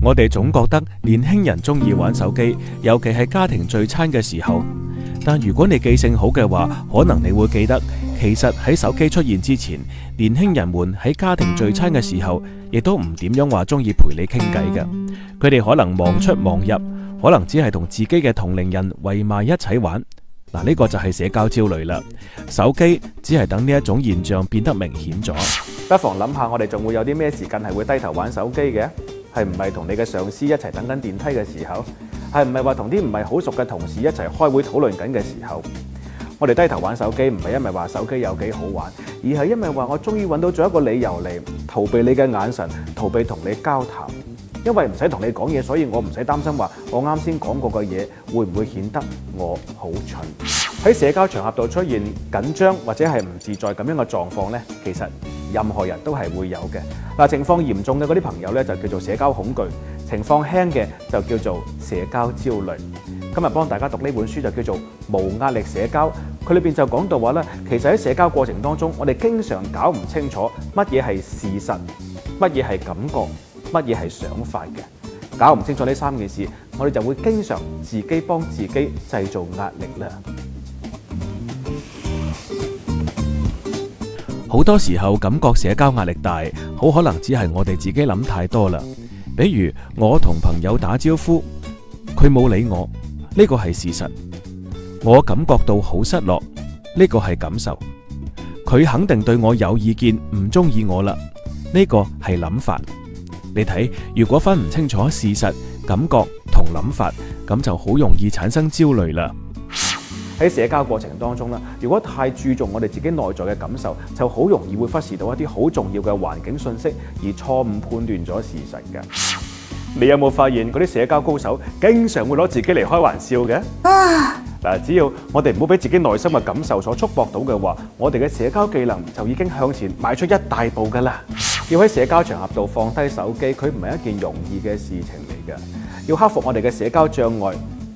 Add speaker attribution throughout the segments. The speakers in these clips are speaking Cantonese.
Speaker 1: 我哋總覺得年輕人中意玩手機，尤其係家庭聚餐嘅時候。但如果你記性好嘅話，可能你會記得，其實喺手機出現之前，年輕人們喺家庭聚餐嘅時候，亦都唔點樣話中意陪你傾偈嘅。佢哋可能望出望入，可能只係同自己嘅同齡人圍埋一齊玩。嗱，呢個就係社交焦慮啦。手機只係等呢一種現象變得明顯咗。不妨諗下，我哋仲會有啲咩事，更係會低頭玩手機嘅？係唔係同你嘅上司一齊等緊電梯嘅時候？係唔係話同啲唔係好熟嘅同事一齊開會討論緊嘅時候？我哋低頭玩手機唔係因為話手機有幾好玩，而係因為話我終於揾到咗一個理由嚟逃避你嘅眼神，逃避同你交談，因為唔使同你講嘢，所以我唔使擔心話我啱先講過嘅嘢會唔會顯得我好蠢。喺社交場合度出現緊張或者係唔自在咁樣嘅狀況呢，其實任何人都係會有嘅嗱。情況嚴重嘅嗰啲朋友呢，就叫做社交恐懼；情況輕嘅就叫做社交焦慮。今日幫大家讀呢本書就叫做《無壓力社交》，佢裏邊就講到話咧，其實喺社交過程當中，我哋經常搞唔清楚乜嘢係事實，乜嘢係感覺，乜嘢係想法嘅，搞唔清楚呢三件事，我哋就會經常自己幫自己製造壓力啦。好多時候感覺社交壓力大，好可能只係我哋自己諗太多啦。比如我同朋友打招呼，佢冇理我，呢個係事實。我感覺到好失落，呢個係感受。佢肯定對我有意見，唔中意我啦，呢個係諗法。你睇，如果分唔清楚事實、感覺同諗法，咁就好容易產生焦慮啦。喺社交過程當中咧，如果太注重我哋自己內在嘅感受，就好容易會忽視到一啲好重要嘅環境信息，而錯誤判斷咗事實嘅。你有冇發現嗰啲社交高手經常會攞自己嚟開玩笑嘅？嗱、啊，只要我哋唔好俾自己內心嘅感受所束縛到嘅話，我哋嘅社交技能就已經向前邁出一大步噶啦。要喺社交場合度放低手機，佢唔係一件容易嘅事情嚟嘅。要克服我哋嘅社交障礙，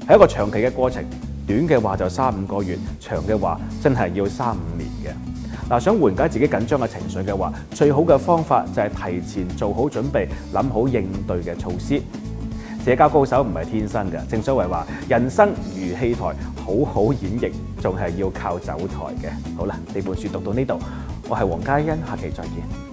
Speaker 1: 係一個長期嘅過程。短嘅話就三五個月，長嘅話真係要三五年嘅。嗱，想緩解自己緊張嘅情緒嘅話，最好嘅方法就係提前做好準備，諗好應對嘅措施。社交高手唔係天生嘅，正所謂話人生如戲台，好好演繹，仲係要靠走台嘅。好啦，呢本書讀到呢度，我係黃嘉欣，下期再見。